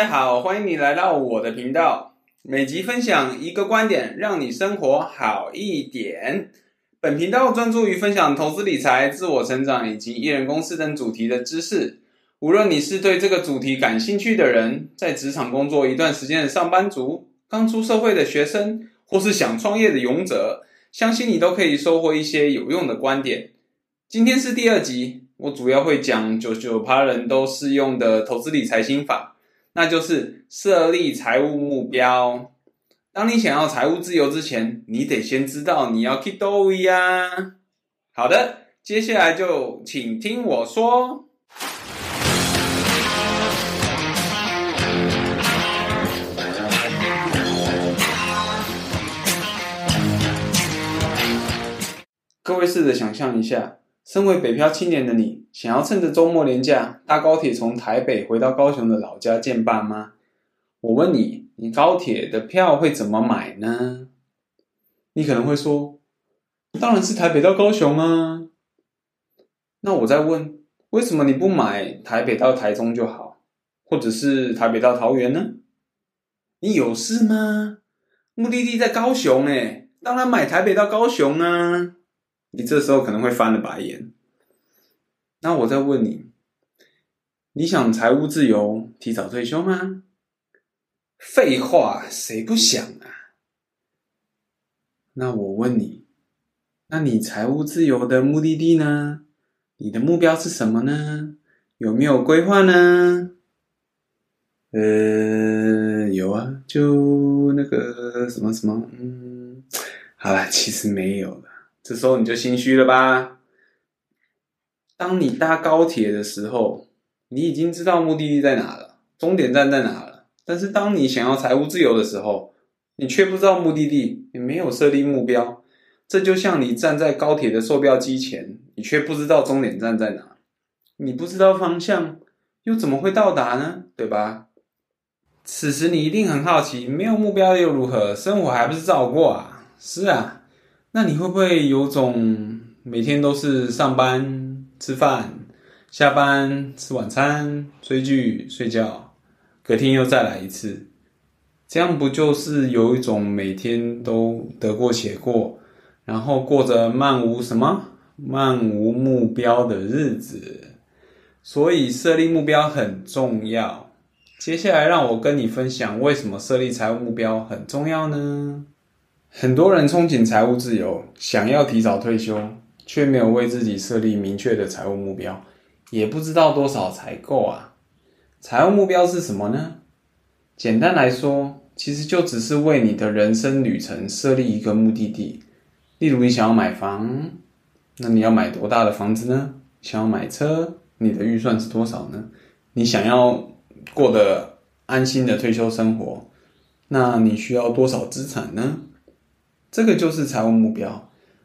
大家好，歡迎你來到我的頻道。每集分享一個觀點，讓你生活好一點。本頻道專注於分享投資理財、自我成長以及一人公司等主題的知識。無論你是對這個主題感興趣的人，在職場工作一段時間的上班族，剛出社會的學生，或是想創業的勇者，相信你都可以收穫一些有用的觀點。今天是第二集，我主要會講99%人都適用的投資理財心法。那就是設立財務目標。當你想要財務自由之前，你得先知道你要去哪裡啊！好的，接下來就請聽我說。各位試着想象一下。身為北漂青年的你，想要趁着周末連假搭高鐵從台北回到高雄的老家見爸媽，我問你，你高鐵的票會怎麼買呢？你可能會說，當然是台北到高雄啊。那我再問，為什麼你不買台北到台中就好，或者是台北到桃園呢？你有事嗎？目的地在高雄誒，當然買台北到高雄啊。你這時候可能會翻了白眼。那我再問你：你想財務自由、提早退休嗎？廢話，誰不想啊？那我問你：那你財務自由的目的地呢？你的目標是什麼呢？有沒有規劃呢？呃，有啊，就那個什麼什麼……嗯，好啦，其實沒有了。這時候你就心虛了吧？當你搭高鐵的時候，你已經知道目的地在哪了，終點站在哪了。但是當你想要財務自由的時候，你卻不知道目的地，你沒有設立目標。這就像你站在高鐵的售票機前，你卻不知道終點站在哪，你不知道方向，又怎麼會到達呢？對吧？此時你一定很好奇，沒有目標又如何？生活還不是照過啊？是啊。那你會不會有種每天都是上班、吃飯、下班、吃晚餐、追劇、睡覺，隔天又再來一次？這樣不就是有一種每天都得過且過，然後過着漫無什麼、漫無目標的日子？所以設立目標很重要。接下來讓我跟你分享為什麼設立財務目標很重要呢？很多人憧憬財務自由，想要提早退休，卻沒有為自己設立明確的財務目標，也不知道多少才夠啊。財務目標是什麼呢？簡單來說，其實就只是為你的人生旅程設立一個目的地。例如，你想要買房，那你要買多大的房子呢？想要買車，你的預算是多少呢？你想要過得安心的退休生活，那你需要多少資產呢？這個就是財務目標，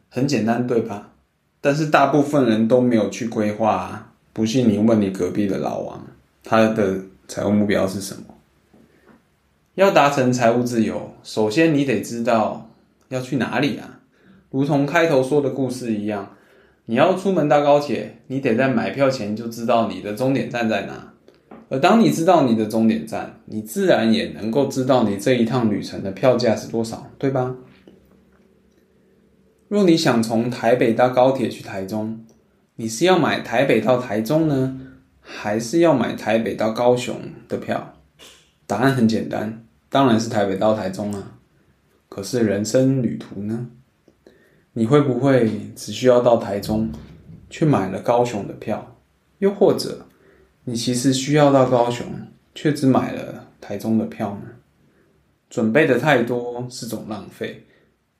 很簡單，對吧？但是大部分人都沒有去規劃啊。不信你問你隔壁的老王，他的財務目標是什麼？要達成財務自由，首先你得知道要去哪裡啊。如同開頭說的故事一樣，你要出門搭高鐵，你得在買票前就知道你的終點站在哪。而當你知道你的終點站，你自然也能夠知道你這一趟旅程的票價是多少，對吧？若你想從台北搭高鐵去台中，你是要買台北到台中呢？還是要買台北到高雄的票？答案很簡單，當然是台北到台中啊。可是人生旅途呢？你會不會只需要到台中，卻買了高雄的票？又或者，你其實需要到高雄，卻只買了台中的票呢？準備的太多是種浪費，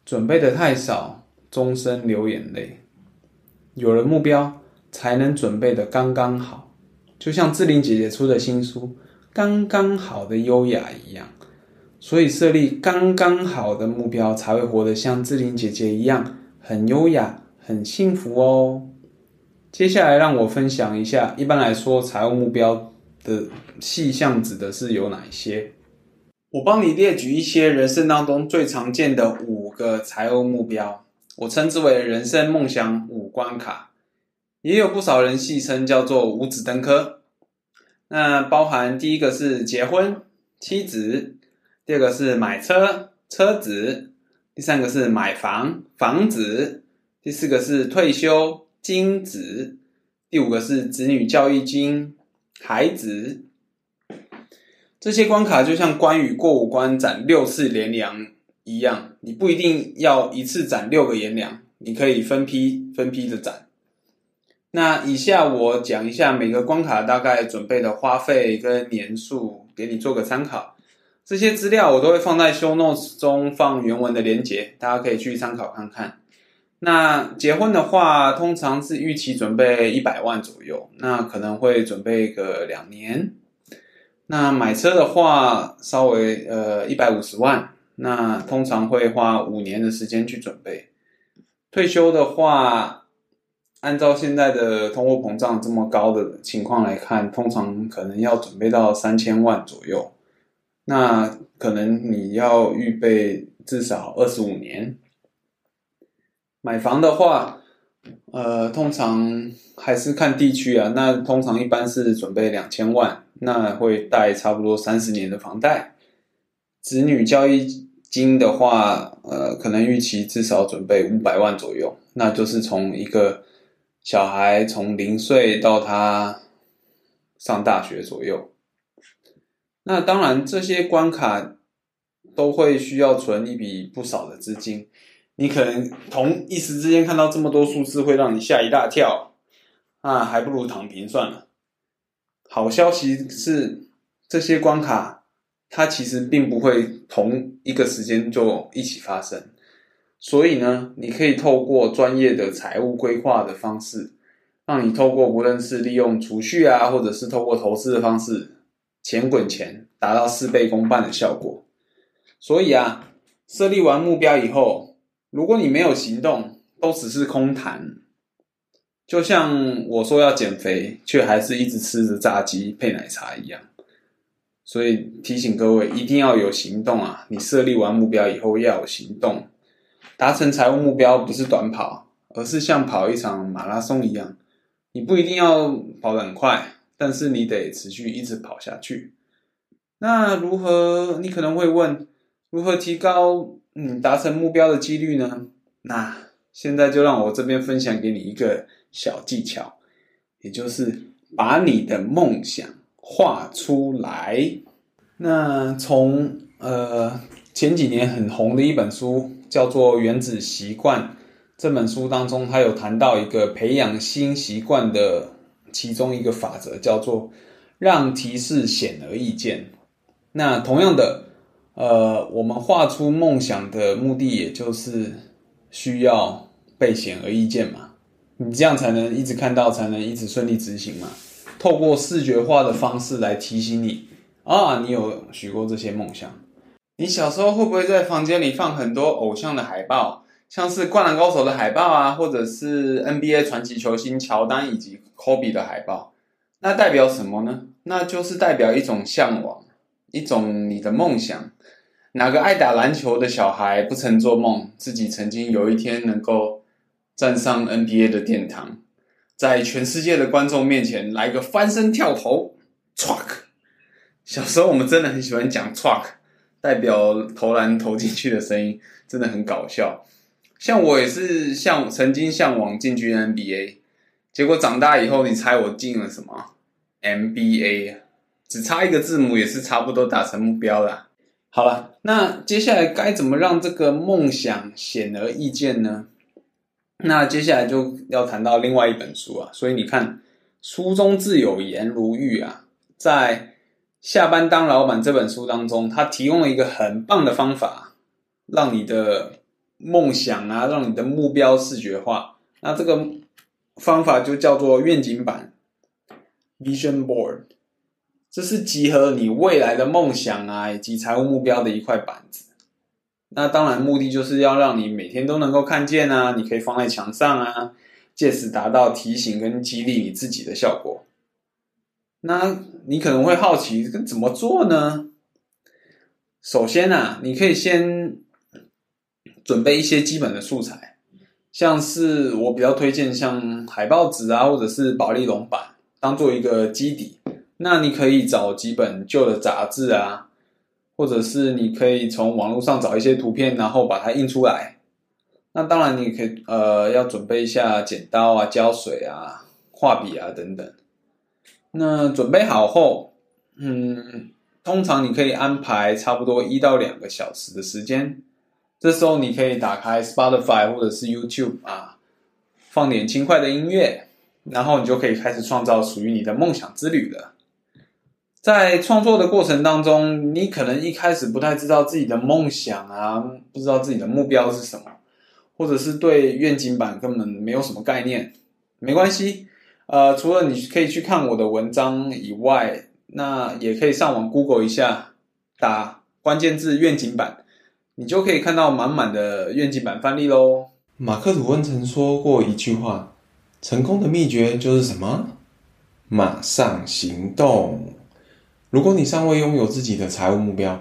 準備的太少，終身流眼淚，有了目標才能準備的剛剛好，就像志玲姐姐出的新書《剛剛好的優雅》一樣，所以設立剛剛好的目標，才會活得像志玲姐姐一樣很優雅、很幸福哦。接下來讓我分享一下，一般來說，財務目標的細項指的是有哪些？我幫你列舉一些人生當中最常見的五個財務目標。我稱之為人生夢想五關卡，也有不少人戲稱叫做五子登科。那包含第一個是結婚妻子，第二個是買車車子，第三個是買房房子，第四個是退休金子，第五個是子女教育金孩子。這些關卡就像關羽過五關斬六將。一樣，你不一定要一次攢六個顏良，你可以分批分批的攢。那以下我講一下每個關卡大概準備的花費跟年數，給你做個參考。這些資料我都會放在 Show Notes 中，放原文的鏈接，大家可以去參考看看。那結婚的話，通常是預期準備一百萬左右，那可能會準備個兩年。那買車的話，稍微，呃，一百五十萬。那通常會花五年的時間去準備。退休的話，按照現在的通貨膨脹這麼高的情況來看，通常可能要準備到三千萬左右。那可能你要預備至少二十五年。買房的話，呃，通常還是看地區啊。那通常一般是準備兩千萬，那會貸差不多三十年的房貸。子女教育金的話，呃，可能預期至少準備五百萬左右，那就是從一個小孩從零歲到他上大學左右。那當然，這些關卡都會需要存一筆不少的資金。你可能同一時之間看到這麼多數字，會讓你嚇一大跳。那、啊、還不如躺平算了。好消息是，這些關卡。它其實並不會同一個時間就一起發生，所以呢，你可以透過專業的財務規劃的方式，讓你透過無論是利用儲蓄啊，或者是透過投資的方式，錢滾錢，達到事半功倍的效果。所以啊，設立完目標以後，如果你沒有行動，都只是空談。就像我說要減肥，卻還是一直吃着炸雞配奶茶一樣。所以提醒各位，一定要有行動啊！你設立完目標以後要有行動，達成財務目標不是短跑，而是像跑一場馬拉松一樣。你不一定要跑得很快，但是你得持續一直跑下去。那如何？你可能會問，如何提高，嗯，達成目標的幾率呢？那現在就讓我這邊分享給你一個小技巧，也就是把你的夢想。畫出來。那從呃前幾年很紅的一本書叫做《原子習慣》這本書當中，他有談到一個培養新習慣的其中一個法則，叫做讓提示顯而易見。那同樣的，呃，我們畫出夢想的目的，也就是需要被顯而易見嘛。你這樣才能一直看到，才能一直順利執行嘛。透過視覺化的方式來提醒你啊，你有許過這些夢想。你小時候會不會在房間裡放很多偶像的海報，像是《灌籃高手》的海報啊，或者是 NBA 傳奇球星喬丹以及 Kobe 的海報？那代表什麼呢？那就是代表一種嚮往，一種你的夢想。哪個愛打籃球的小孩不曾做夢，自己曾經有一天能夠站上 NBA 的殿堂？在全世界的觀眾面前，來個翻身跳投，truck。小時候我們真的很喜歡講 truck，代表投籃投進去的聲音，真的很搞笑。像我也是向曾經向往進軍 NBA，結果長大以後，你猜我進了什麼？MBA，只差一個字母也是差不多達成目標了啊。好了，那接下來該怎麼讓這個夢想顯而易見呢？那接下來就要談到另外一本書啊，所以你看，書中自有顏如玉啊，在《下班當老板》這本書當中，他提供了一個很棒的方法，讓你的夢想啊，讓你的目標視覺化。那這個方法就叫做願景板 （vision board），這是集合你未來的夢想啊以及財務目標的一塊板子。那當然，目的就是要讓你每天都能夠看見啊，你可以放在牆上啊，借此達到提醒跟激勵你自己的效果。那你可能會好奇，怎麼做呢？首先啊，你可以先準備一些基本的素材，像是我比較推薦像海報紙啊，或者是保麗龍板，當做一個基底。那你可以找幾本舊的雜誌啊。或者是你可以從網絡上找一些圖片，然後把它印出來。那當然，你可以呃，要準備一下剪刀啊、膠水啊、畫筆啊等等。那準備好後，嗯，通常你可以安排差不多一到兩個小時的時間。這時候你可以打開 Spotify 或者是 YouTube 啊，放點輕快的音樂，然後你就可以開始創造屬於你的夢想之旅了。在創作的過程當中，你可能一開始不太知道自己的夢想啊，不知道自己的目標是什麼，或者是對願景版根本沒有什麼概念，沒關係。呃，除了你可以去看我的文章以外，那也可以上網 Google 一下，打關鍵字“願景版”，你就可以看到滿滿的願景版範例嘍。馬克吐溫曾說過一句話：“成功的秘訣就是什麼？馬上行動。”如果你尚未擁有自己的財務目標，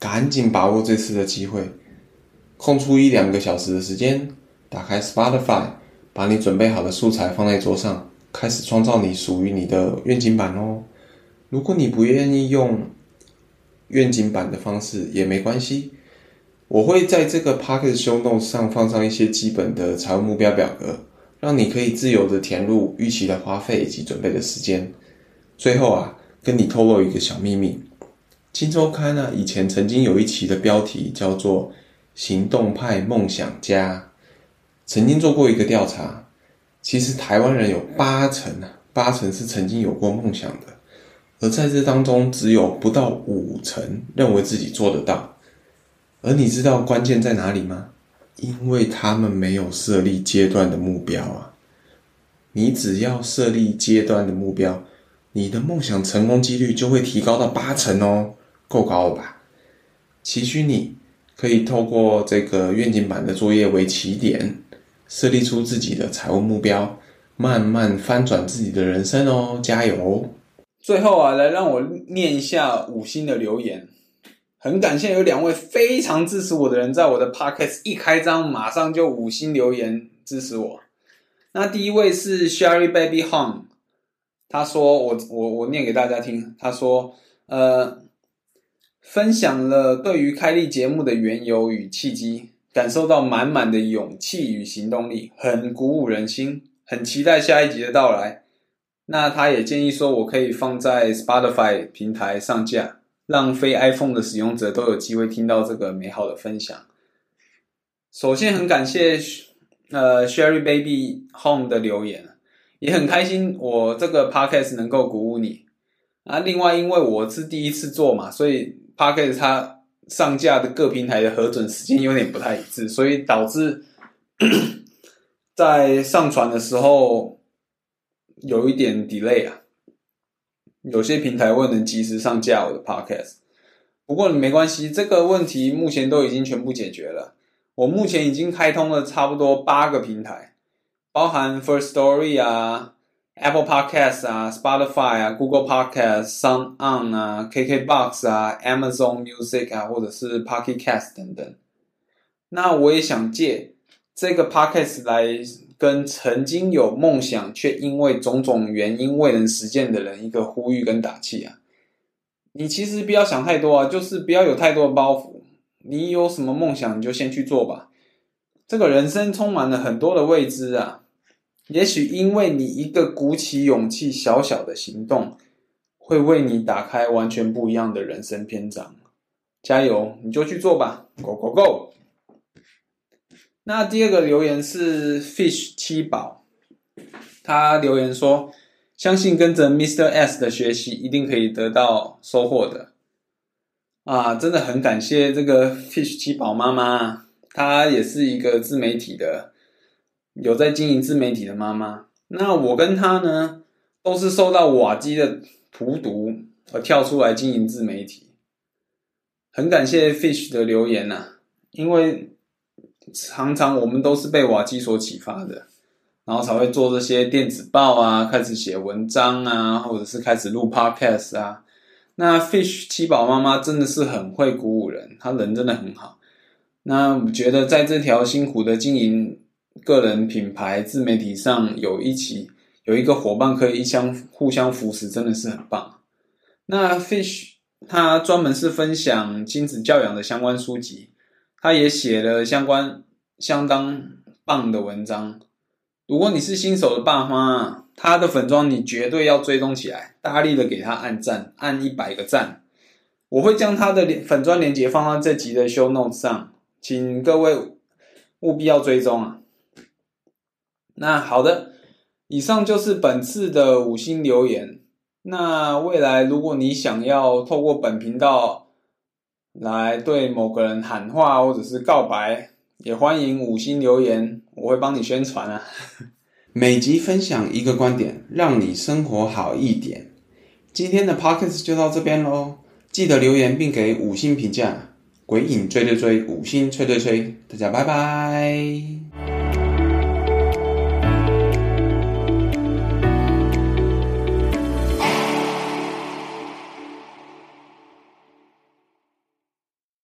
趕緊把握這次的機會，空出一兩個小時的時間，打開 Spotify，把你準備好的素材放在桌上，開始創造你屬於你的願景板哦。如果你不願意用願景板的方式也沒關係，我會在這個 Podcast Show Notes 上放上一些基本的財務目標表格，讓你可以自由的填入預期的花費以及準備的時間。最後啊。跟你透露一個小秘密，《今周刊》啊呢以前曾經有一期的標題叫做《行動派夢想家》，曾經做過一個調查，其實台灣人有八成啊，八成是曾經有過夢想的，而在這當中，只有不到五成認為自己做得到。而你知道關鍵在哪裡嗎？因為他們沒有設立階段的目標啊。你只要設立階段的目標。你的夢想成功幾率就會提高到八成哦，夠高了吧？期許你可以透過這個願景版的作業為起點，設立出自己的財務目標，慢慢翻轉自己的人生哦，加油！最後啊，來讓我念一下五星的留言，很感謝有兩位非常支持我的人，在我的 podcast 一開張馬上就五星留言支持我。那第一位是 Sherry Baby Home。他說：“我我我念給大家聽。”他說：“呃，分享了對於開立節目的緣由與契機，感受到滿滿的勇氣與行動力，很鼓舞人心，很期待下一集的到來。”那他也建議說：“我可以放在 Spotify 平台上架，讓非 iPhone 的使用者都有機會聽到這個美好的分享。”首先，很感謝呃，Sherry Baby Home 的留言。也很開心，我這個 podcast 能夠鼓舞你。啊，另外，因為我是第一次做嘛，所以 podcast 它上架的各平台的核准時間有點不太一致，所以導致 在上傳的時候有一點 delay 啊。有些平台未能及時上架我的 podcast，不過沒關係，這個問題目前都已經全部解決了。我目前已經開通了差不多八個平台。包含 Firstory 啊、Apple Podcast 啊、Spotify 啊、Google Podcast、Sound On 啊、KK Box 啊、Amazon Music 啊，或者是 Pocket Cast 等等。那我也想借這個 Podcast 來跟曾經有夢想卻因為種種原因未能實現的人一個呼籲跟打氣啊！你其實不要想太多啊，就是不要有太多的包袱。你有什麼夢想，你就先去做吧。這個人生充滿了很多的未知啊！也許因為你一個鼓起勇氣小小的行動，會為你打開完全不一樣的人生篇章。加油，你就去做吧，Go Go Go！那第二個留言是 Fish 七寶，他留言說：“相信跟着 Mr. S 的學習，一定可以得到收穫的。”啊，真的很感謝這個 Fish 七寶媽媽，她也是一個自媒體的。有在經營自媒體的媽媽，那我跟她呢，都是受到瓦基的荼毒而跳出來經營自媒體。很感謝 Fish 的留言吶啊，因為常常我們都是被瓦基所啟發的，然後才會做這些電子報啊，開始寫文章啊，或者是開始錄 Podcast 啊。那 Fish 七寶媽媽真的是很會鼓舞人，她人真的很好。那我覺得在這條辛苦的經營個人品牌自媒體上有一起有一個夥伴可以一相互相扶持，真的是很棒。那 Fish 他專門是分享親子教養的相關書籍，他也寫了相關相當棒的文章。如果你是新手的爸媽，他的粉專你絕對要追蹤起來，大力的給他按讚，按一百個讚。我會將他的粉專鏈接放到這集的 show notes 上，請各位務必要追蹤啊。那好的，以上就是本次的五星留言。那未來如果你想要透過本頻道來對某個人喊話或者是告白，也歡迎五星留言，我會幫你宣傳啊。每集分享一個觀點，讓你生活好一點。今天的 Podcast 就到這邊嘍，記得留言並給五星評價。鬼影追追追，五星催催催，大家拜拜。